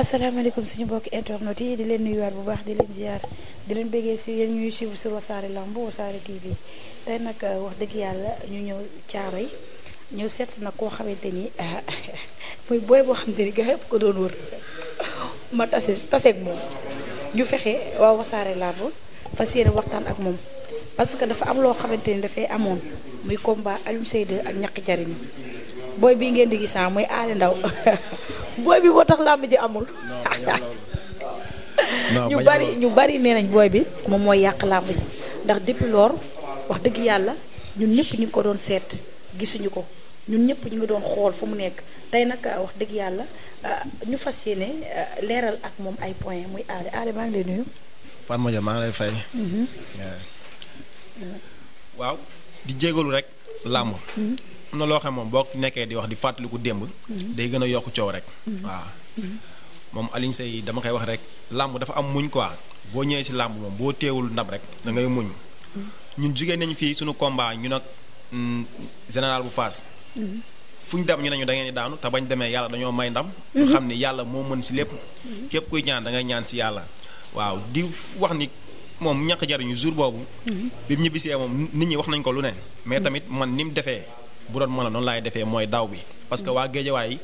asalaamaaleykum suñu mbokki internet yi di leen nuyuwaat bu baax di leen ziar di leen bëggee si yéen ñuy suivre sur Wassare Lamb Wassare TV te nag euh, wax dëgg yàlla ñu ñëw caaro yi ñëw seet si nag koo xamante ni ah, muy booy boo xamante ni gaa yëpp ko doon wër ma tase taseeg moom ñu fexe waa Wassare Lamb fas yéene waxtaan ak moom parce que dafa am loo xamante ni dafay amoon muy combat Alioune Seye 2 ak ñaq jariñ booy bii ngeen di gis ah, muy Aly Ndao booy bi moo tax làmb ji amul. ñu bari ñu bari nee nañ booy bi moom mooy yàq làmb ji ndax depuis lool wax dëgg yàlla ñun ñëpp ñu ngi ko doon seet gisuñu ko ñun ñëpp ñu ngi doon xool fu mu nekk tey nag ah, wax dëgg yàlla ah, ñu fas yéene ah, leeral ak moom ay point muy aale aale maa ngi lay nuyu. Fane Modou maa ngi lay fay. Mm-hmm. Mm-hmm. waaw di jégalu rek làmb. Mm-hmm. am na loo xam moom boo nekkee di wax di fàttaliku démb. day gën a yokk coow rek. waaw moom Alioune Seye dama koy wax rek làmb dafa am muñ quoi boo ñëwee si làmb moom boo teewul ndam rek da ngay muñ. ñun jugee nañ fii suñu combat ñu nag mm, général bu Fass. fu ñu dem ñu nañu ñu da ngeen di daanu te bañ demee yàlla dañoo may ndam. ñu xam ni yàlla moo mën si lépp. képp kuy ñaan da ngay ñaan si yàlla. waaw di wax ni moom ñaq jariñu jour boobu. Mm-hmm. bi mu ñibbisee moom nit ñi wax nañ ko lu ne. mais tamit man ni mu defee bu doon mën a noonu laay defee mooy daw bi parce que mm. waa géejawaay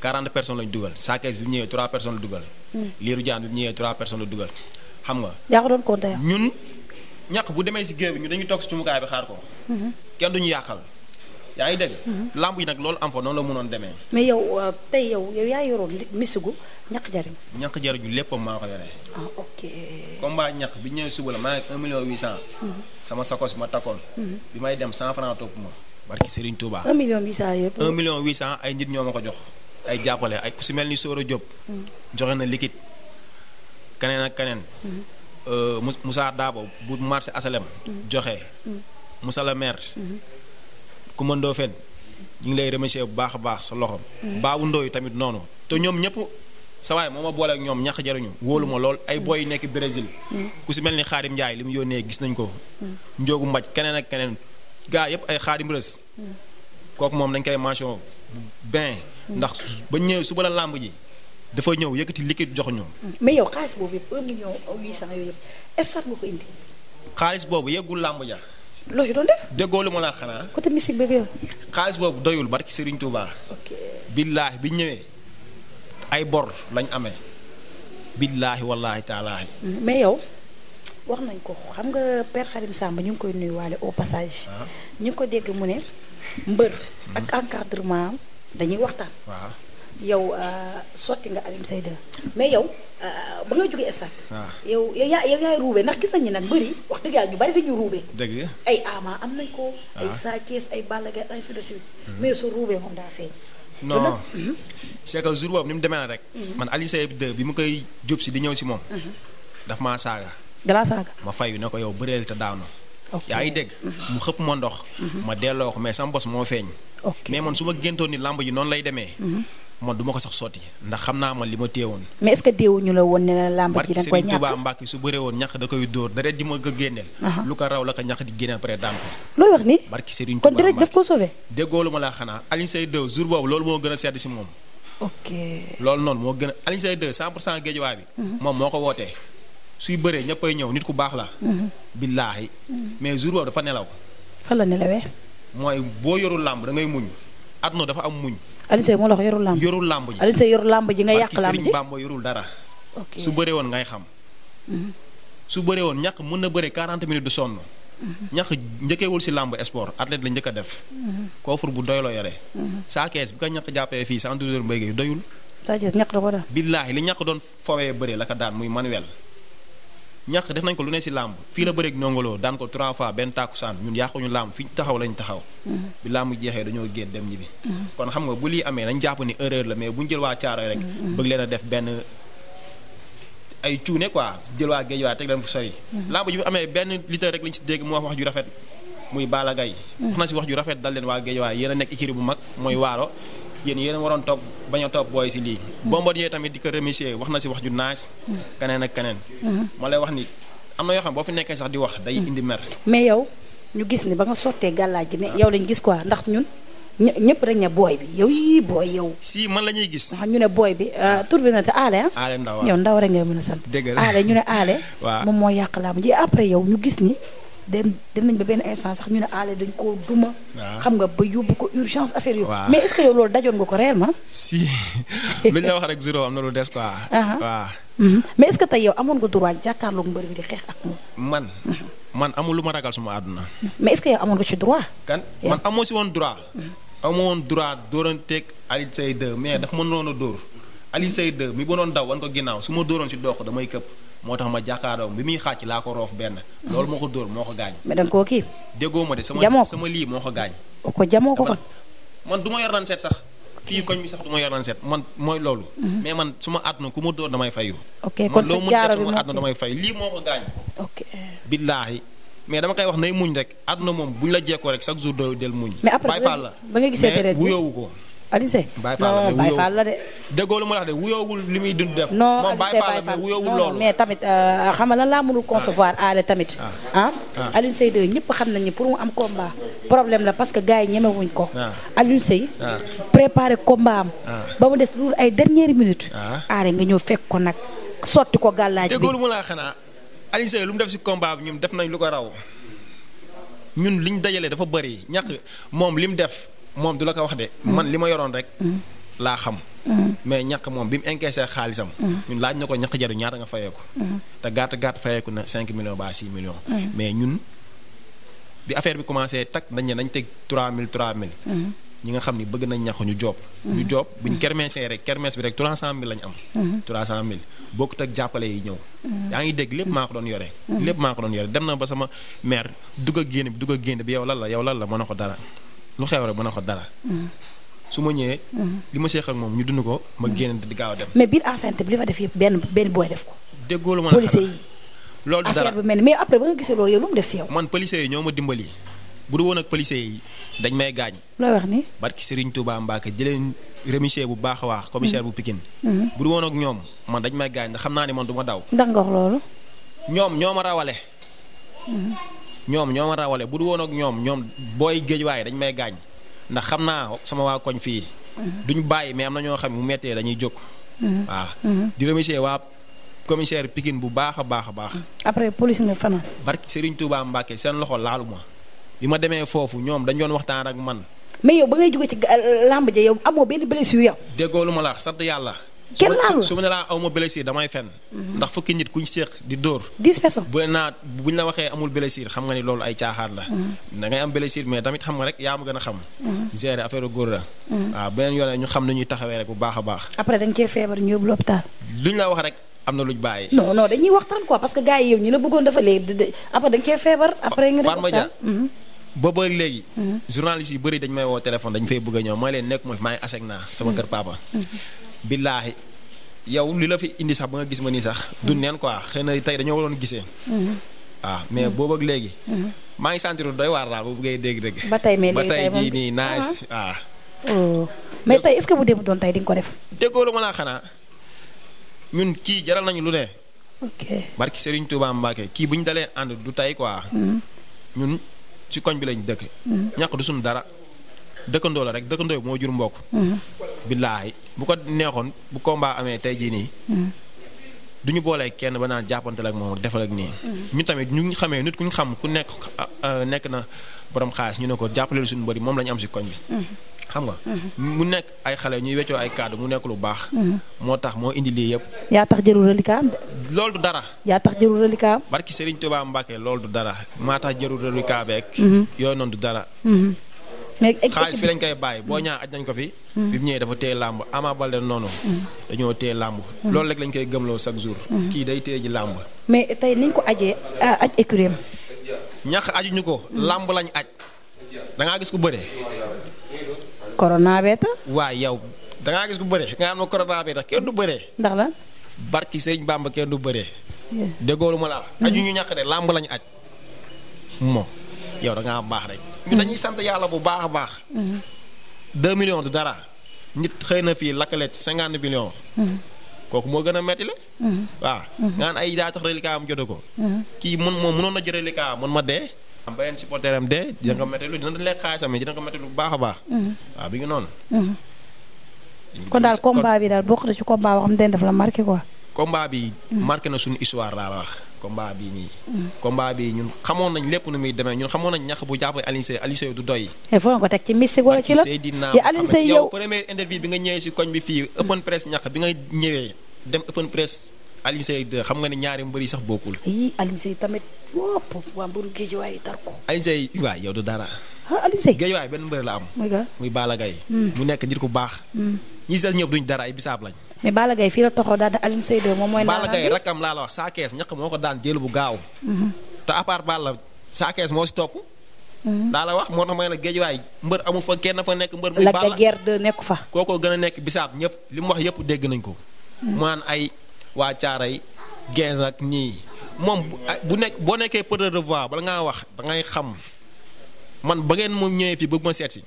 40 personnes lañ dugal saakees bi mu ñëwee 3 personnes la dugal. Mm. liiru jaan bi mu ñëwee 3 personnes la dugal xam nga. yaa ko ñun ñàq bu demee si géew bi ñu dañuy toog si cumukaay bi xaar ko. Mm-hmm. kenn duñu yàqal. yaa ngi dégg. Mm-hmm. làmb yi nag loolu am fa noonu la mënoon demee. mais yow euh, tey yow yow yaa yoroon misigu ñàq jariñ. ñàq jariñu léppam maa ko yore. ah ok. combat ñàq bi ñëwee suba la maa ngi 1 million 800. Mm-hmm. sama sakos ma takkoon. bi may dem 100 francs topp barki Serigne Touba. 1 million 800 yëpp. 1 million 800 ay nit ñoo ma ko jox. ay jàppale ay ku si mel ni Soro Diop. Mm. joxe na liquide. keneen ak kaneen. Mm-hmm. Euh, Moussa daabo bu marché asalem mm-hmm. joxe. musala mm-hmm. la maire. ku mën doo fen ñu ngi lay remercier bu baax a baax sa loxo. baabu ndooyu tamit noonu. te ñoom ñëpp sa moom moo ma ñoom ñax jaruñu wóolu ma lool ay boy yu nekk Brésil. ku si mel ni Xaadim Ndiaye li mu yónnee gis nañ ko. Njoogu Mbaj keneen ak keneen gaa yëpp ay xaadim rës kooku moom dañ koy mention bien ndax ba ñëwee suba la làmb ji dafa ñëw yëkkati liquide jox ñu. mais yow xaalis boobu yëpp 1 xaalis boobu yeggul làmb ja. loo ci doon lu ma la xanaa. côté musique beeg yow. xaalis boobu doyul barki Serigne Touba. ok billaahi bi ñëwee ay bor lañ amee. billaahi wallaahi taalaahi. Mm, mais yow. wax nañ ko xam nga Père Khadim Samb ñu ngi koy nuyuwaale au passage. Ah. ñu ngi ko dégg mu ne mbër. ak hmm. encadrement dañuy waxtaan. waaw yow euh, sotti nga Alioune Seye mais yow euh, ba nga jógee stade. Ah. yow yow yaa yow yaay ruube ndax gis nañu nag wax dëgg yàlla bari dañuy ruube. dëgg ay am nañ ko. Ah. Sa Thiès ay Balla Gaye de suite hmm. mais su ruube moom daa feeñ. non hmm. c'est que jour boobu ni mu demee rek. man Alioune Seye 2 bi mu koy jub si di ñëw si moom. daf maa saaga. dalaa saaga. ma fayu ne ko yow bëreel te daanu. yaa ngi dégg. Mhm. mu xëpp ma ndox. Mhm. ma delloo ko mais sama bos moo feeñ. mais man su ma géntoon ni làmb ji noonu lay demee. Mhm. man du ma ko sax sotti ndax xam naa man li ma téewoon. mais est-ce que déewuñu la woon ne la làmb ji dañ koy ñàkk Tuubaa Mbàkke su woon ñax da koy dóor di ma ko raw la ñax di génneel après daan ko. looy wax ni barki Serigne Touba kon deret daf ma laa xanaa Alioune Seye 2 jour boobu loolu moo gën a sedd moom. loolu noonu moo gën a Alioune Seye 2 100 pour cent géejuwaay bi. moom moo ko wootee. suy bëree ñëppay ñëw nit ku baax la. Mhm. billaahi. Mhm. mais jour boobu dafa nelaw. fa la nelawee. mooy boo yoru làmb da ngay muñ. àdduna dafa am muñ. Alioune Seye moo la yoru làmb. yorul làmb ji Alioune Seye làmb ji nga yàq làmb ji Serigne yorul dara. su bëree woon ngay xam. Mhm. su bëree woon ñàkk mën na bëree 40 minutes du sonn. ñax njëkkeewul si làmb sport athlète la njëkk def. koofur bu doy la yore. saa kees bi ko ñax jàppee fii 112 heures mbéy mi doyul. saa kees dafa da ko daan. billaahi li ñax doon fowee bëree la ko daan muy ñàkk def nañ ko lu ne si làmb fii la bëreeg nongoloo daan ko trois fois benn tàkkusaan ñun yàquñu làmb fi ñu taxaw lañ taxaw mm-hmm. bi làmb jeexee dañoo génn dem bi mm-hmm. kon xam nga bu lii amee nañ jàpp ni erreur la mais bu ñu jël waa Caaroy rek mm-hmm. bëgg leen a def benn ay cuune quoi jël waa géej waa teg leen fu sori làmb ji bu amee benn lutteur rek lañ si dégg mu wax wax ju rafet muy Balla Gaye wax na si wax ju rafet dal leen waa géej waa yéen a nekk écurie bu mag mooy waalo yéen yéen waroon topp bañ a topp booy si lii. Bombardier tamit di ko remercier wax na si wax ju naaj. keneen ak keneen. Mm-hmm. ma lay wax ni am na yoo xam boo fi nekkee sax di wax day indi mer. mais yow ñu gis ni ba nga sottee gàllaaj gi ne ah. yow lañ gis quoi ndax ñun. ñëpp dañ ne booy bi yow yii booy yow. si man la ñuy gis. ñu ne booy bi euh, tur bi na te aale ah. aale ndaw yow mën a sant. dëgg la ñu ne aale. waaw moo yàq laa ma ji après yow ñu gis ni. dem dem nañ ba benn instant sax ñu ne aale ah, dañ koo duma. Ah. xam nga ba yóbbu ko urgence affaire yooyu. mais est-ce que loolu dajoon nga ko réellement. si luñ la wax rek zéro na lu des quoi. Ah, waaw. Mm-hmm. mais est-ce que tey yow amoon nga droit jàkkaarloog mbër bi di xeex ak moom. man mm-hmm. man amul lu ma ragal suma àdduna. Mm-hmm. mais est-ce que yow amoon nga ci droit. kan man amoo si woon droit. amoo woon droit dóoranteeg Alioune Seye 2 mais daf ma noonu dóor. Aliou Seye 2 mi ba doon daw wan ko ginnaaw su ma dóoroon si dox damay këpp moo tax ma jàkkaaroo bi muy xàcc laa ko roof benn loolu moo ko dóor moo ko gaañ mais danga koo kii déggoo ma de sama sama moo ko gaañ ko jamoo ko kon man du ma yor nan seet sax fii koñ bi sax du ma yor nan seet man mooy loolu mhm. mais man su ma àdduna ku ma dóor damay fayu ok kon loo mu def damay fay lii moo ko gaañ ok billaahi mais dama koy wax nay muñ rek àdduna moom buñ la jekkoo rek chaque jour doy del muñ mais après ba nga gisee deret mais wuyoowu ko Alizé non Baye Fall la de. déggoo lu ma li muy dund def. non Alizé mais tamit euh, xam nga lan laa mënul concevoir aale ah. tamit. ah, ah. ah. Alioune ñëpp xam nañu pour mu am combat problème la parce que gars yi ñemewuñ ko. Alioune Seye. préparé combat am. ba mu ay dernière minute. aare nga ñëw fekk ko nag sotti ko gàllaaj lu ma la xanaa Alioune lu mu def si combat bi ñoom def nañ lu ko raw ñun liñ dajale dafa bëri ñàkk moom li mu def. moom du la ko wax de. Mm. man li ma yoroon rek. Mm. laa xam. Mm. mais ñàkk moom bi mu encaissé xaalisam. ñun laaj na ko ñàkk jaru ñaata nga fayeeku. te gàtt gàtt fayeeku na 5 millions ba 6 millions. mais ñun bi affaire bi commencé tag nañ ne nañ teg 3000 3000. ñi nga xam ni bëgg nañ ñax ñu joob. ñu joob buñ kermesee rek kermes bi rek 300000 lañ am. 300000 bokkut ak jàppale yi ñëw. yaa ngi dégg lépp maa ko doon yore. lépp maa ko doon yore dem na ba sama mère dugg génn dugg a génn bi yow lan la yow lan la mën na ko dara. lu xew rek mën na ko dara. su ma ñëwee. li ma seex moom ñu dund ko ma génn di gaaw dem. mais biir enceinte bi li fa def yëpp benn benn booy def ko. déggoo lu ma policiers yi. loolu dara affaire mel ni mais après ba nga gisee loolu yow lu mu def si yow. man policiers yi ñoo ma dimbali bu du woon ak policiers yi dañ may gaañ. looy wax ni. barki Serigne Touba Mbacke jëlee remissaire bu baax a waax. commissaire bu Pikine. Mhm. bu du woon ak ñoom man dañ may gaañ ndax xam naa ne man du ma daw. ndax nga wax ñoom ñoo ma rawale. Mhm. ñoom ñoo ma rawale bu du woon ak ñoom ñoom booy géej waaye dañ may gaañ ndax xam naa sama waa koñ fii. Mhm. duñ bàyyi mais am na ñoo xam mu méttee dañuy jóg. Mhm. waaw mhm. di remercier waa commissaire Pikine bu baax a baax a baax. après police nga fanaan. barki Serigne Touba Mbacke seen loxo laalu ma bi ma demee foofu ñoom dañ doon waxtaan ak man. mais yow ba ngay jóge ci euh, làmb ja yow amoo benn blessure yow. déggoo lu ma la sadd yàlla. kenn laalu su ma ne laa aw ma damay fen mhm. ndax fukki nit ku kuñ séeq di dóor dix naa bu naa la waxee amul blessure xam nga ni loolu ay caaxaan la mhm. da ngay am blessure mais tamit xam nga rek yaa ma gën a xam mhm. gérer affaire góor la waaw beneen yoon ñu xam ne ñuy taxawee rek bu baax a baax après dañ cee feebar ñu yóbbu l'hôpital luñ la wax rek am na luñ bàyyi non non dañuy waxtaan quoi parce que gars yi yow ñu la bëggoon dafa léegi après dañ cee feebar après nga dañ may woo téléphone dañ fay bëgg a ñëw mooy leen nekk mooy maa ngi naa sama kër billaahi yow lii la fi indi sax ba nga gis ma nii sax du mm. neen quoi xëy na tey dañoo waroon gisee. waaw mm-hmm. ah, mais mm-hmm. boobu ak léegi. Mm-hmm. maa ngi sentir doy waar daal boobu ngay dégg dégg. ba tey mais léegi tey jii nii uh-huh. nice waaw. Ah. Oh. mais tey est bu démb doon tey di ko def. déggoo la mën a xanaa ñun kii jaral nañu lu ne. ok barki Serigne Touba Mbacke kii bu ñu dalee ànd du tey quoi. ñun ci koñ bi lañ dëkk. ñàkk du sum dara. dëkkandoo la rek dëkkandoo moo jur mbokk. Mm-hmm. billaahi bu ko neexoon bu combat amee tey jii nii. Mm-hmm. duñu ñu boolee kenn ba naan jàppante ak moom ak defal ak nii. Mm-hmm. ñu tamit ñu xamee nit ku ñu xam ku nekk euh, nekk na boroom xaalis ñu ne ko jàppaleel suñu mbër yi moom la am si koñ bi. xam nga. mu nekk ay xale ñuy weccoo ay kàddu mu nekk lu baax. moo tax moo indi lii yëpp. yaa tax jëru reliquat am de. loolu du dara. yaa tax jëru reliquat am. barki du dara maa tax jëru reliquat beeg. léegi xaalis fi lañ koy bàyyi boo ñaa aj nañ ko fi. Mm. bi mu ñëwee dafa téye làmb Ama Baldé noonu. Mm. dañoo téye làmb. Mm. loolu rek lañ koy gëmloo chaque jour. kii day téye ji làmb. mais tey niñ ko ajee ah, aj écurie ñax ajuñu ko. làmb lañu aj dangaa gis ku bëree. corona bee tax. waaw yow da gis ku bëree nga xam ne corona tax kenn du bëree. ndax la. barki sëñ bàmb kenn du bëree. déggoo lu ma la aju ñu ñax de làmb lañu aj moom. yow da ngaa baax rek. ñu dañuy mm. sant yàlla bu baax baax. 2 mm. millions du dara nit xëy na fii lakkale ci 50 millions. Mm. kooku moo gën a metti la. waaw mm-hmm. nga ay daa tax reliquat am ko. Mm-hmm. kii mun moom mënoon na jël reliquat man ma dee. am benn supporter am dee dina ko metti lu dina lekk xaalisam dina ko metti lu bu baax a baax. Mm-hmm. waaw bi ngi noonu. kon daal combat bi daal bokk na ci combat boo xam ne daf la marqué quoi. combat bi marqué na suñu histoire laa wax. combat bii nii. Mm. combat bii ñun xamoon nañ lépp nu muy demee ñun xamoon nañ ñax bu jàppee Alioune Seye Alioune du doy. il eh, ko teg ci mystique wala ci la Alioune Seye yow première interview bi nga ñëwee si koñ bi fii. open press ñax bi nga ñëwee dem open press. Alioune Seye 2 xam nga ne ñaari mbër yi sax bokkul. yii Alioune Seye tamit wopp waa mbëru géejewaay dar ko. Alioune Seye waay yow du dara. ah Alioune benn mbër la am. muy ga muy Balla Gaye. Hmm. mu nekk nit ku baax. Hmm. ñi si ñëpp duñ dara ay bisaab lañ. mais Balla Gaye la toxoo daal de Alioune Seye 2 moom mooy. Balla Gaye rakkam laa la wax saa kees moo ko daan jël bu gaaw. Hmm. te à part Balla saa kees moo si topp. daa la wax moo tax may la géej waay mbër amul fa kenn fa nekk mbër. muy Balla Gaye de nekk fa. kookoo gën a nekk bisaab ñëpp li mu wax yëpp dégg nañ ko. mu naan ay waa yi Gens ak nii moom ah, bu nekk boo nekkee porteur de voix bala ngaa wax da ngay xam man ba ngeen moom ñëwee fii bëgg ma seet si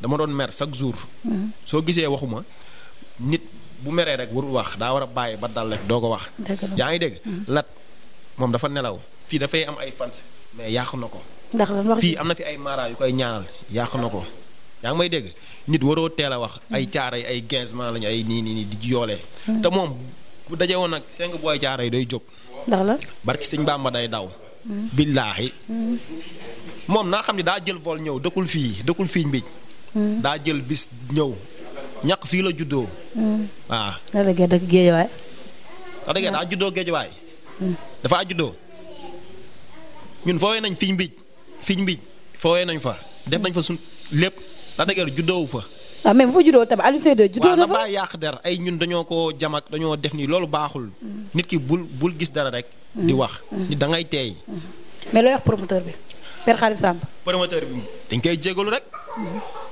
dama doon mer chaque jour. Mm-hmm. soo gisee waxuma nit bu meree rek warul wax daa war a bàyyi ba dal rek doo ko wax. yaa ngi dégg mm-hmm. lat moom dafa nelaw fii dafay am ay fans mais yàqu na ko. ndax lan fii am na fi ay mara yu koy ñaanal yàq na ko. yaa ngi may dégg nit waroo teel a wax mm-hmm. ay caara ay 15 man lañu ay nii nii nii di yoolee te bu dajee woon nag seng booy caaray day jóg. ndax la barki sëñ Bàmba day daw. billaahi. moom naa xam ne daa jël vol ñëw dëkkul fii dëkkul fii Mbij. daa jël bis ñëw ñaq fii la juddoo. waaw. ndax dëgg juddoo géejawaay. dafaa juddoo. ñun foowee nañ fii Mbij fii Mbij foowee nañ fa def nañ fa suñ lépp da dëgg juddoowu fa. waaw ah, mais bu fa juddoo tamit Alioune Seye juddoo na fa waaw yàq der ay ñun dañoo koo jam ak dañoo def nii loolu baaxul. nit ki bul bul gis dara rek. di mm. wax mm. nit da ngay teey. Mm. mais looy wax promoteur bi Père Khalif Samb. promoteur bi dañ koy jégalu rek.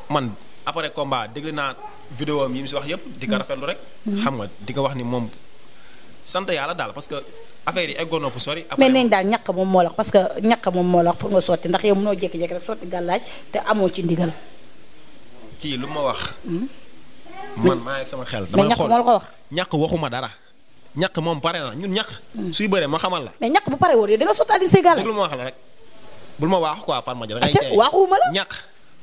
man après combat déglu naa vidéo am yi mu si wax yëpp. di ko rafetlu rek. xam nga di ko wax ni moom sant yàlla daal parce que affaire yi eggoon na fu sori. après mais moom moo la wax parce que ñàkk moom moo la wax pour nga sotti ndax yow mënoo jékki-jékki rek sotti gàllaaj te amoo ci ndigal. kii lu ma wax. Hmm? man maa sama xel. damay xool mais ñàkk la ko wax. ñàkk waxuma dara. ñàkk moom pare na ñun ñàkk. Hmm. suy bëree ma xamal la. mais ñàkk pare woon yow da nga ma wax la rek bul ma waax quoi Fatma Dia. da ngay tey waaxuma la ñàkk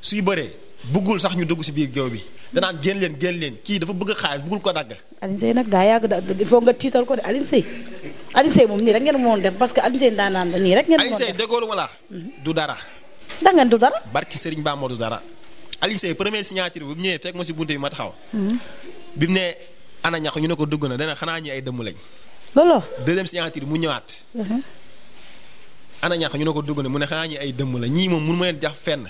suy bëree. buggul sax ñu dugg ci biir géew bi danaan génn leen génn leen kii dafa bëgg xaalis buggul ko dagg. Alioune Seye nag daa yàgg da il faut nga tiital ko de Alioune Seye moom nii rek ngeen moon def parce que Alioune Seye daan naan la nii rek. ngeen moon hmm. du dara. dangeen ngeen du dara. barki Serigne Bamba du dara. Aliou Seye première signature bi bu ñëwee fekk ma si bunte bi ma taxaw. Hmm. bi mu ne ana ñax ñu ne ko dugg na dana xanaa ñi ay dëmm lañ. loolu deuxième signature mu ñëwaat. Hmm. ana ñax ñu ne ko dugg na mu ne xanaa ñi ay dëmm la ñii moom mun ma leen jax fenn.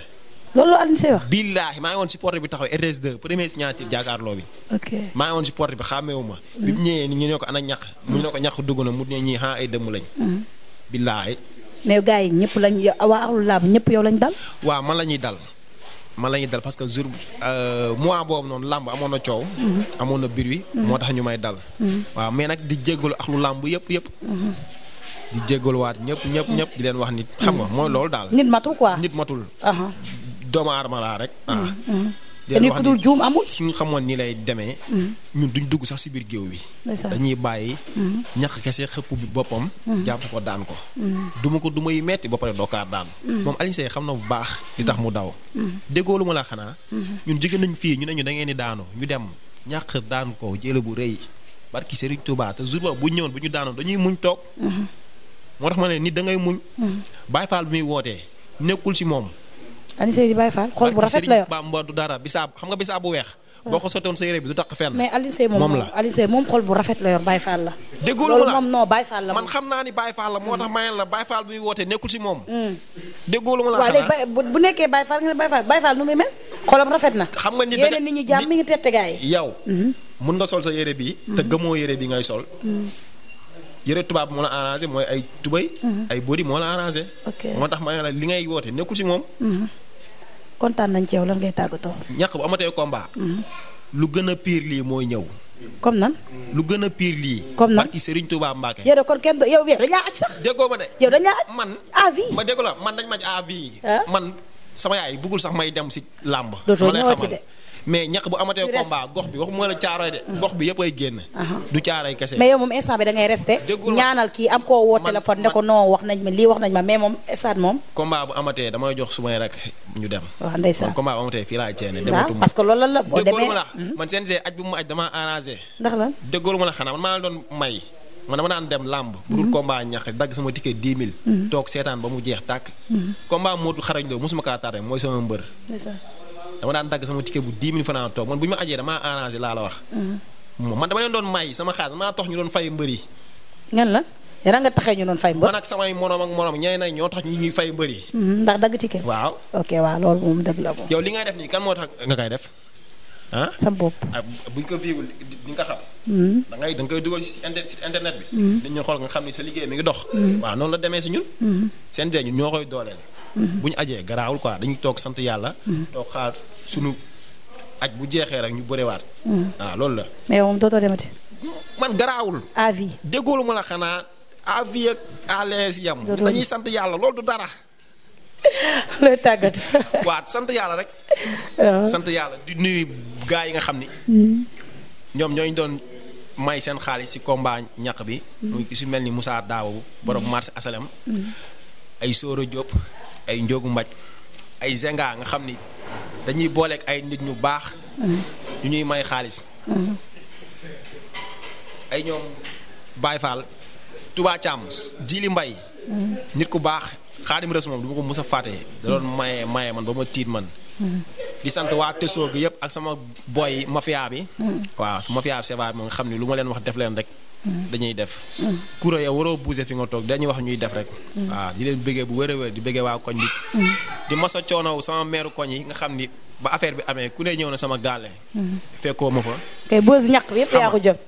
loolu Aliou Seye wax. maa ngi si porte bi taxaw RTS2 première signature jàkkaarloo bi. ok maa ngi si porte bi xàmmeewu ma. bi mu hmm. ñu ne ko ana ñax mu ne ko ñax dugg na mu ne xanaa ay dëmm lañ. billaahi mais gars yi ñëpp lañ waa Ahlou Lamb ñëpp yow lañ dal. waa man la ñuy dal ma la ñuy dal parce que jour euh, mois boobu noonu làmb amoon na coow. Mm-hmm. amoon na biir wi. Mm-hmm. moo tax ñu may dal. Mm-hmm. waaw mais nag di jéggalu ak lu làmb yëpp yëpp. di jéggalu waat ñëpp ñëpp ñëpp di leen wax nit. xam nga mooy loolu daal. nit matul quoi nit matul. Uh-huh. doomu aadama laa rek. Ah. te nit ku dul juum amul suñu xamoon nii lay demee. Mm. ñun duñ dugg sax si biir géew bi. dañuy bàyyi. Mm. ñax kese xëpp bi boppam. Mm. jàpp ko daan ko. duma ko duma yi metti ba pare daan. moom Alioune xam na bu baax li tax mu daw. déggoo lu ma la xanaa. Mm-hmm. ñun jigéen nañ fii ñu ne ñu da ngeen di daanu ñu dem ñax daan ko jële bu rëy barki Serigne Touba te jour ba bu ñëwoon bu ñu daanoon dañuy muñ toog. Mm-hmm. moo tax ma ne nit da ngay muñ. Mm-hmm. Baye Fall bi muy wootee nekkul si moom. Alioune Seye di Baye Fall xol bu rafet la yor Bamba du dara bisaab xam nga bisaab bu weex ah. boo ko sottoon sa yére bi du tax fenn mais Alioune Seye moom la Alioune Seye moom xol bu rafet la yor Baye Fall la déggoo loolu moom non Baye Fall la man xam naa ni Baye Fall la moo tax mayeen la Baye Fall woote nekkul si moom hmm. déggoo lu ma bu nekkee Baye Fall nga ne Baye Fall Baye rafet na xam nga yéene nit ñi jàmm mi ngi tette gaay yi yow hmm. mun nga sol sa yére bi hmm. te gëmoo yére bi ngay sol yëre tubaab moo la arrangé mooy ay tubay ay moo la arrangé moo tax ma ne la li ngay woote nekkul si moom kontaan nañ ci lañ lan ngay tàggatoo. ñàkk bu amatee combat. Mhm. lu gën a piir lii mooy ñëw. comme nan. lu gën a piir lii. comme nag barki Serigne Touba Mbacke. yow kon kenn yow yow dañ laa aj sax. déggoo ma de. yow dañ laa aj man. à ah, ma déggoo la man dañ ma aj à vie. man sama yaay bëggul sax may dem si làmb. dootoo ñëwaati de mais ñax bu amatee combat gox bi waxuma la caaroy de gox bi yëpp ay génn du caaroy kese mais yow moom instant bi da ngay resté ñaanal kii am koo woo téléphone ne ko wax nañ ma lii wax nañ ma mais moom instant moom combat bu amatee damay jox su may rek ñu dem waaw ndeysaan combat bu amatee fii parce que loolu la la hmm? man seen aj bu mu la déggoolu ma la xanaa man maa la doon may man dama naan dem làmb bu dul hmm? combat ñax dagg sama ticket 10 000 hmm? toog seetaan ba mu jeex tàkk moo mootu xarañ loo mosuma kaa tardé mooy sama mbër dama daan dagg sama ticket bu 10 000 francs toog man bu ñu ma ajee damaa arrangé laa la wax. Mm-hmm. man dama leen doon may sama xaalis maa tax ñu doon fay mbër yi. ngeen la yàlla nga taxee ñu doon fay mbër. ak samay morom ak morom ñeneen ak ñoo tax ñu ñuy fay mbër yi. Mm-hmm, ndax dagg ticket. waaw ok waaw loolu moom dëgg la moom. yow li ngay def nii kan moo tax nga koy def. ah sa bopp ah buñ ko viwul di nga xam. Mm-hmm. da ngay da nga koy dugal ci internet bi. nit xool nga xam ni sa liggéey mi ngi dox. waa noonu la demee si ñun. seen ñun ñoo koy dooleel. bu ñu ajee garaawul quoi dañuy toog sant yàlla. toog xaar sunu bu jeexee rek ñu bëriwaat. waaw loolu la. mais moom man garaawul. à vie déggoo ma la xanaa à vie ak à l'aise sant yàlla loolu du dara. looy tàggat. waaw sant yàlla rek. Ah. sant yàlla di nuyu gars yi nga xam ni. Hmm. ñoom ñoo ñooñu doon may seen xaalis ci combat ñaq bi. Hmm. muy su mel ni Moussa daaw borom hmm. marché asalem ay Soro Diop. ay njóogu mbaj ay zenga nga xam ni dañuy booleek ay nit ñu baax. ñu ñuy may xaalis. ay ñoom baay Fall tubaa Thiam Jili Mbay nit ku baax Xaadim Rasuul moom du ma ko mus a fàtte daloon doon maye maye man ba ma tiit man. di sant waa Tesoo gi yëpp ak sama booy mafia bi. Mm. waaw su mafia bi Seva bi nga xam ne lu ma leen wax def leen rek. dañuy def. kuréel yow waroo bougé fi nga toog dañuy wax ñuy def rek. waaw di leen bëggee bu wér a wér di bëggee waa koñ bi. di masa coono sama meeru koñ yi nga xam ni ba affaire bi amee ku ne ñëw na sama gaale. Mm-hmm. fekkoo ma fa. kay boos ñàkk yëpp yaa ko jël.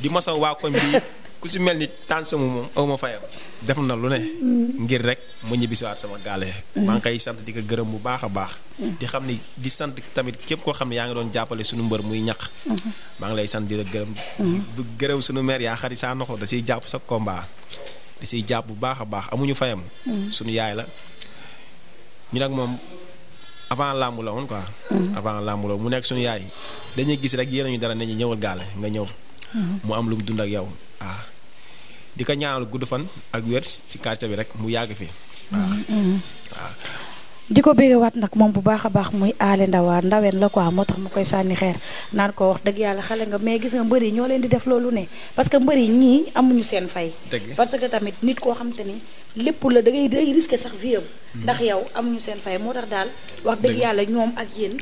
di masa waa koñ bi ku si mel ni tànn sama moom aw ma fayam def na lu ne. ngir rek mu ñibbisiwaat sama gaale. maa ngi kay sant di ko gërëm bu baax a baax. di xam ni di sant tamit képp koo xam ne yaa ngi doon jàppale suñu mbër muy ñax maa ngi lay sant di la gërëm. bu gërëm suñu maire yaa xarit saa noxo da siy jàpp sa combat. da siy jàpp bu baax a baax amuñu fayam. suñu yaay la ñu nag moom. avant làmb la woon quoi. avant làmb la mu nekk suñu yaay dañuy gis rek yéen ñu dara ne ñu gaale nga ñëw. mu am lu dund ak yow ah. di ko ñaanal gudd fan ak wér ci quartier bi rek mu yàgg fi mm-hmm. waaw. Mm-hmm. di ko bégewaat nag moom bu baax a baax muy aale ndawaa ndaween la quoi moo tax ma koy sànni xeer naan koo wax dëgg yàlla xale nga mais gis nga mbër yi ñoo leen di def loolu ne parce que mbër yi ñii amuñu seen fay parce que tamit nit koo xam ni lépp la da ngay day risqué sax vie am hmm. ndax yow amuñu seen fay moo tax daal wax yàlla ñoom ak yéen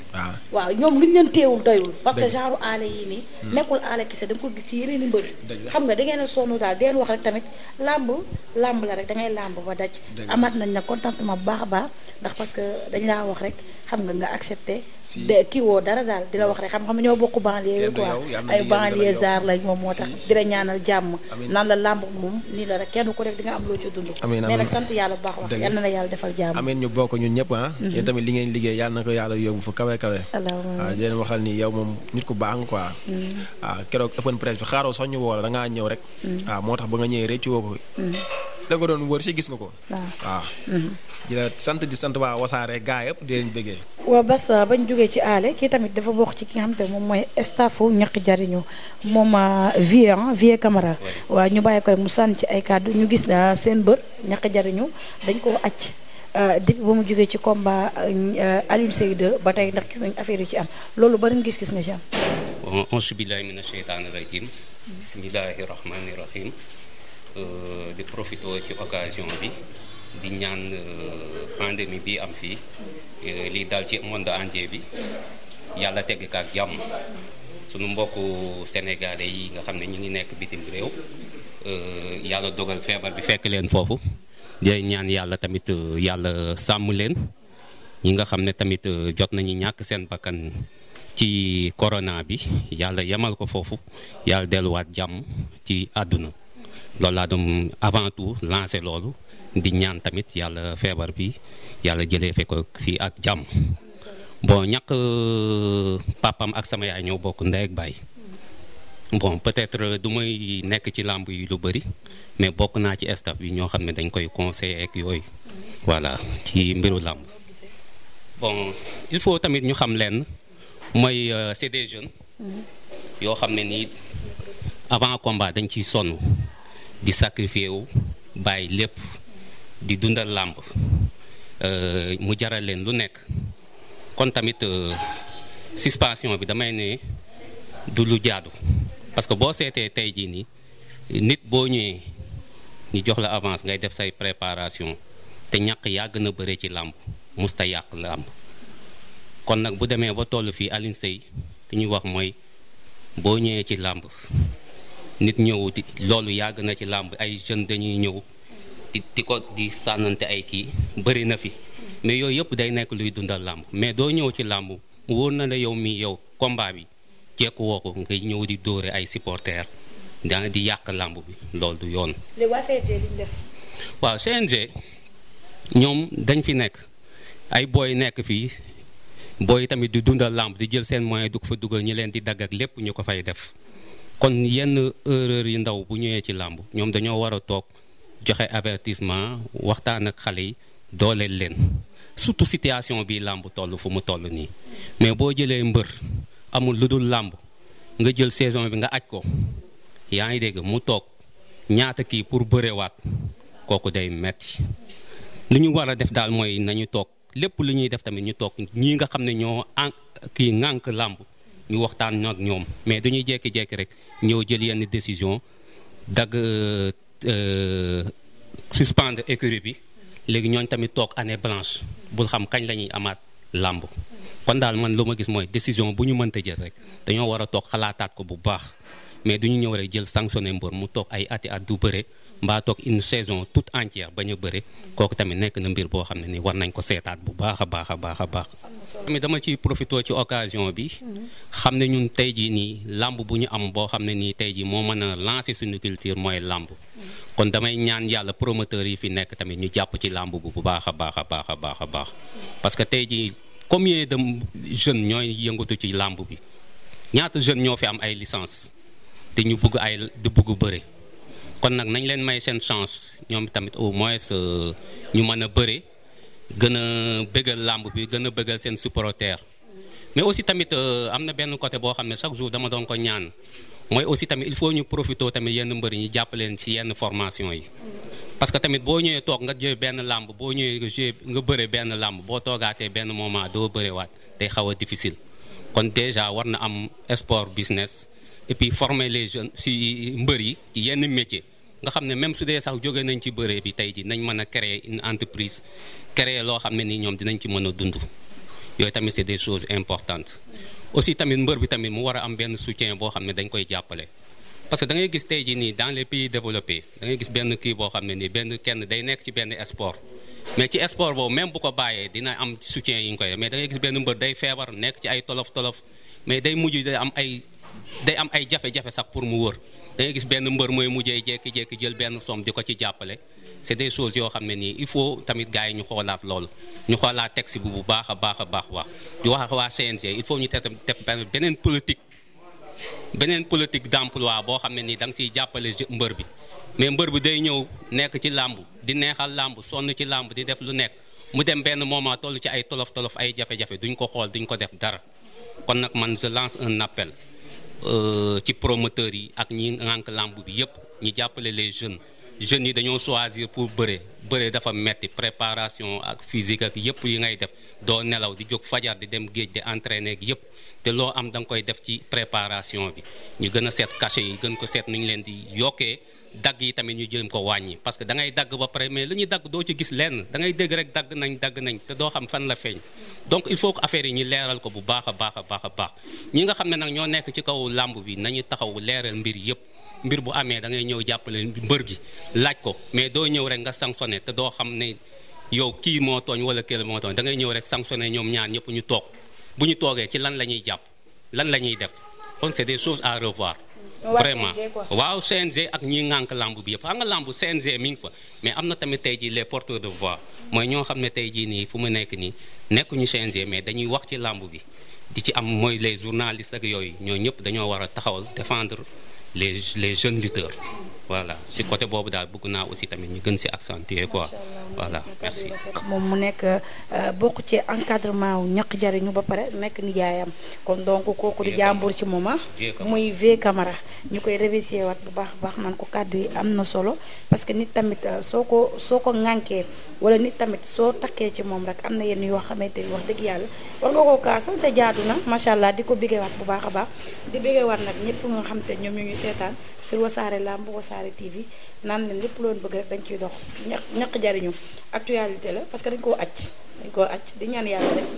waaw ñoom luñ leen teewul doyul parce que genre aale yii nii hmm. nekkul aale kese da nga ko gis ci yeneen i mbër xam nga da ngeen a sonn daal deen wax rek tamit làmb làmb la rek dangay ngay làmb ba daj amaat nañ nag contentement bu baax a baax que dañ laa wax rek xam nga nga accepté. si woo dara daal di la wax rek xam xam ñoo bokk banlieue quoi ay banlieusards lañ moom moo tax. di la ñaanal jàmm. naan la làmb moom nii la rek kenn ku rek di nga am loo ci dund. mais nag sant yàlla bu baax wax yal na la yàlla defal jàmm. amiin ñu bokk ñun ñëpp ah. Mhm. yéen tamit li na ko yàlla yóbbu fa kawe kawe. waaw ah, di leen waxal ni yow moom nit ku mhm. ah, keroog open press bi xaaroo sax ñu woo la ñëw rek. Mhm. Ah, moo tax ba nga ñëwee rëccu woo ko da nga doon wër si gis nga ko. waaw mhm. sant di sant waa wasaare gaa yëpp di leen bëggee. waaw bas bañ jógee ci aale kii tamit dafa bokk ci ki nga xam te moom mooy staffu ñaq jariñu moom vie ah vie ah, camara waaw ñu bàyyi ko mu sànni ci ay kàddu ñu gis ah, seen bët ñaq jariñu dañ koo acc ah, depuis ba mu jógee ci combat Alioune Seye 2 ba tey ndax gis nañ affaire yu ci am loolu bari gis-gis nga ci am. bon auzu Euh, di profité ci occasion bi di ñaan euh, pandémie bi am fii euh, lii daal ci monde entier bi yàlla tegg ak jàmm sunu mbokk sénégalais yi nga xam ne ñu ngi nekk bitim réew yàlla dogal feebar bi fekk leen foofu di ñaan yàlla tamit yàlla sàmm leen ñi nga xam ne tamit jot nañu ñàkk seen bakkan ci corona bi yàlla yemal ko foofu yàlla delluwaat jàmm ci àdduna loolu laa doon avant tout lancé loolu di ñaan tamit yàlla feebar bi yàlla jëlee fekk ko fii ak jàmm bon ñàkk euh, papam ak sama yaay ñoo bokk ndey ak bon peut-être euh, du may nekk ci làmb yi lu bëri mais bokk naa ci staff bi ñoo xam ne dañ koy conseiller ak yooyu voilà ci mbiru làmb bon il faut tamit ñu xam leen mooy euh, c'est des jeunes mm-hmm. yoo xam ne nii avant combat dañ ciy sonn di sacrifié wu bàyyi lépp di dundal làmb euh, mu jaral leen lu nekk kon tamit euh, suspension bi damay ne du lu jaadu parce que boo seetee tey jii nii nit boo ñëwee ñu jox la avance ngay def say préparation te ñàkk yàgg na bëre ci làmb musta yàq làmb kon nag bu demee ba toll fii Alioune Seye li ñuy wax mooy boo ñëwee ci làmb nit ñëw ñëwuti loolu yàgg na ci làmb ay jeunes dañuy ñëw di ko di sànnante ay kii bëri na fi mais yooyu yëpp day nekk luy dundal làmb mais doo ñëw ci làmb wóor na la yow mi yow combat bi jekku woo ko nga ñëw di dóore ay supporters daan di yàq làmb bi loolu yoon. waaw CNG ñoom dañ fi nekk ay booy nekk fii booy tamit di dundal làmb di jël seen moyen du ko fa dugal ñi leen di dagg lépp ñu ko fay def. kon yenn erreur yi ndaw bu ñëwee ci làmb ñoom dañoo war a toog joxe avertissement waxtaan ak xale yi dooleel leen surtout situation bi làmb toll fu mu toll nii mais boo jëlee mbër amul lu dul làmb nga jël saison bi nga aj ko yaa ngi dégg mu toog ñaata kii pour bërewaat kooku day metti lu ñu war a def daal mooy nañu toog lépp lu ñuy def tamit ñu toog ñii nga xam ne ñoo kii ŋànk làmb ñu waxtaan nag ñoom mais du ñuy jékki-jékki rek ñëw jël yenn décision dagg euh, euh, suspendre écurie bi léegi ñooñ tamit toog année blanche bul xam kañ la ñuy amaat làmb kon daal man lu ma gis mooy décision bu ñu mënta jël rek dañoo war a toog xalaataat ko bu baax mais du ñu ñëw rek jël sanctionné mbër mu toog ay ati at du bëre mbaa toog une saison toute entière ba ñu bëre kooku tamit nekk na mbir boo xam ne nii war nañ ko seetaat bu baax a baax a baax a baax mi dama ciy profité ci occasion bi xam ne ñun tey jii nii làmb bu ñu am boo xam ne nii tey jii moo mën a lancer suñu culture mooy làmb kon damay ñaan yàlla promoteurs yi fi nekk tamit ñu jàpp ci làmb bu bu baax a baax baax a baax a baax parce que tey jii combien de jeunes ñooy yëngatu ci làmb bi ñaata jeunes ñoo fi am ay licence te ñu bëgg ay di bëgg bëre kon nag nañ leen may seen chance ñoom tamit au moins euh, ñu mën a bëre gën a bëggal làmb bi gën a bëggal seen supporter mais aussi tamit euh, am na benn côté boo xam ne chaque jour dama doon ko ñaan mooy aussi tamit il faut ñu profité tamit yenn mbër yi ñu jàppaleen ci yenn formation yi parce que tamit boo ñëwee toog nga jël benn làmb boo ñëwee nga nga bëre benn làmb boo toogaatee benn moment doo bërewaat day xaw a difficile kon déjà war na am sport business et puis former les jeunes ci mbër yi ci yenn métier nga xam ne même su dee sax jóge nañ ci bëree bi tey ji nañ mën a créer une entreprise créer loo xam ne nii ñoom dinañ ci mën a dund yooyu tamit c'est des choses importantes aussi tamit mbër bi tamit mu war a am benn soutien boo xam ne dañ koy jàppale parce que da ngay gis tey jii nii dans les pays développés da ngay gis benn kii boo xam ne nii benn kenn day nekk ci benn esport mais ci sport boobu même bu ko bàyyee dina am soutien yi ñu koy mais da ngay benn mbër day feebar nekk ci ay tolof mais day mujj day am ay day am ay jafe sax pour mu wër da ngay gis benn mbër mooy mujjee jékki-jékki jël benn somme di ko ci jàppale c'est des choses yoo xam ne nii il faut tamit gars yi ñu xoolaat loolu ñu xoolaat texte bi bu baax a baax a baax wax di wax waa CNG il faut ñu te te beneen politique beneen politique d'emploi boo xam ne nii da nga ciy jàppale mbër bi mais mbër bi day ñëw nekk ci làmb di neexal làmb sonn ci làmb di def lu nekk mu dem benn moment toll ci ay tolof tolof ay jafe-jafe duñ ko xool duñ ko def dara kon nag man je lance un appel. Euh, ci promoteurs yi ak ñi ngànk làmb bi yëpp ñi jàppale les jeunes jeunes yi dañoo choisir pour bëre bëre dafa metti préparation ak physique ak yëpp yi ngay def doo nelaw di jóg fajar di dem géej di entraîner ak yëpp te loo am danga koy def ci préparation bi ñu gën a seet cachet yi gën ko seet nu ñu leen di yokkee dagg yi tamit ñu jëm ko wàññi parce que da ngay dagg ba pare mais li ñuy dagg doo ci gis lenn da ngay dégg rek dagg nañ dagg nañ te doo xam fan la feeñ donc il faut que affaire yi ñu leeral ko bu baax a baax a baax a baax ñi nga xam ne nag ñoo nekk ci kaw làmb bi nañu taxawu leeral mbir yëpp mbir bu amee da ngay ñëw jàppale mbër gi laaj ko mais doo ñëw rek nga sanctionné te doo xam ne yow kii moo tooñ wala kële moo tooñ da ngay ñëw rek sanctionné ñoom ñaar ñëpp ñu toog bu ñu toogee ci lan la ñuy jàpp lan la ñuy def kon c'est des choses à revoir vraiment waaw CNG ak ñi ngànk lamb bi yëpp xam nga lamb CNG mi ngi fa mais am na tamit tey jii les porteurs de voix mooy ñoo xam ne tey jii nii fu mu nekk nii nekkuñu CNG mais dañuy wax ci làmb bi di ci am mooy les journalistes ak yooyu ñoo ñëpp dañoo war a taxawal défendre les les jeunes lutteurs voilà ci côté boobu daal bëgg naa aussi tamit ñu gën ci accentuer quoi voilà merci. moom mu nekk euh, bokk ci encadrement wu ñaq jariñu ba pare nekk nijaayam kon donc kooku di jàmbur ci moom ah. muy V Camara ñu koy remercier waat bu baax a baax naan ko kàddu yi am na solo parce que nit tamit euh, soo ko soo ko ŋànkee wala nit tamit soo takkee ci moom rek am na yenn yoo xamante ni wax dëgg yàlla war nga koo kaasal jaadu na macha allah di ko béggeewaat bu baax a baax di béggeewaat nag ñëpp Wassare TV naan leen lépp loon bëgg rek dañ ciy dox ñaq ñaq jariñu actualité la parce que dañ koo acc dañ koo acc di ñaan yàlla rek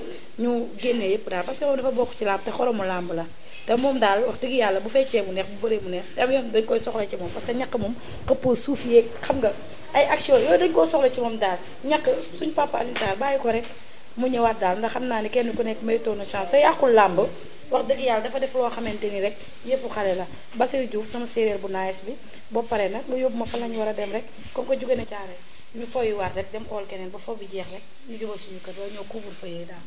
ñu génnee yëpp daal parce que moom dafa bokk ci làmb te xoromu làmb la te moom daal wax dëgg yàlla bu feccee mu neex bu bëree mu neex te am yoon dañ koy soxla ci moom parce que ñaq moom xëppoo suuf yeeg xam nga ay action yooyu dañ koo soxla ci moom daal ñaq suñu papa Alioune Sarr bàyyi ko rek mu ñëwaat daal ndax xam naa ni kenn ku nekk mérito na chance te yàqul làmb wax dëgg yàlla dafa def loo xamante ni rek yëfu xale la Basirou Diouf sama séeréer bu nice bi boo pare nag nga yóbbu ma fa la ñu war a dem rek ko que jóge na caare ñu foyuwaat rek dem xool keneen ba foo bi jeex rek ñu jógal suñu kër doo ñoo couvre-feu yi daal